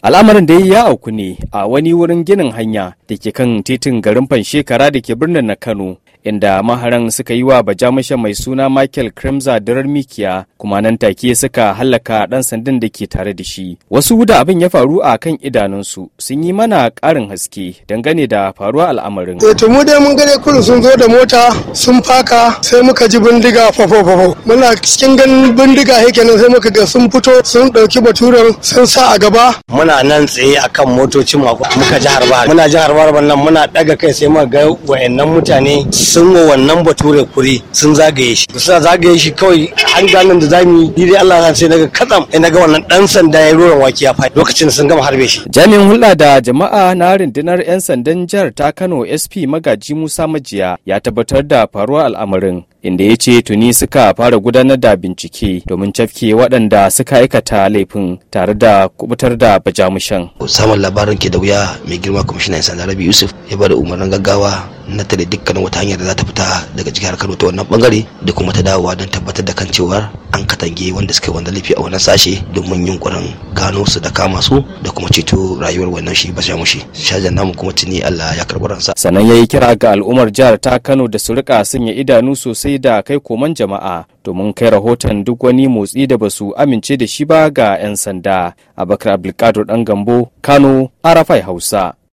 Al'amarin da ya auku ne a wani wurin ginin hanya da ke kan titin garin Fanshekara da ke birnin na Kano inda maharan suka yi wa bajamushen mai suna michael kremza darar mikiya kuma nan take suka hallaka dan sandan da ke tare da shi wasu da abin ya faru a kan idanunsu sun yi mana karin haske dangane da faruwa al'amarin eh, to mu dai mun gane kurin sun zo da mota sun faka sai muka ji bindiga fafo muna cikin ganin bindiga yake nan sai muka ga sun fito sun ɗauki baturen sun sa a gaba muna nan tsaye a kan motocin muka jihar harba muna jihar harba nan muna ɗaga kai sai muka ga wayannan mutane sun wa wannan bature kuri sun zagaye shi suna zagaye shi kawai hanganin da zamu yi dai Allah ya sai naga katsam sai naga wannan dan sanda ya roran waki ya fadi lokacin sun gama harbe shi jami'in hulɗa da jama'a na rindinar yan sandan jihar ta Kano SP magaji Musa Majiya ya tabbatar da faruwar al'amarin inda ya ce tuni suka fara gudanar da bincike domin cafke waɗanda suka aikata laifin tare da kubutar da bajamushan. samun labarin ke da wuya mai girma kwamishinan sanda rabi yusuf ya bada umarnin gaggawa na tare dukkanin wata hanyar da za ta fita daga jihar kano ta wannan bangare da kuma ta dawowa don tabbatar da kan cewar an katange wanda suka yi wanda laifi a wannan sashe domin yunkurin gano su da kama su da kuma ceto rayuwar wannan shi ba mushi shajan namu kuma tuni allah ya karɓi ransa sannan ya yi kira ga al'ummar jihar ta kano da su rika sanya idanu sosai da kai koman jama'a domin kai rahoton duk wani motsi da basu amince da shi ba ga 'yan sanda. a Abakar Abdulkadir ɗan gambo Kano, Arafai Hausa.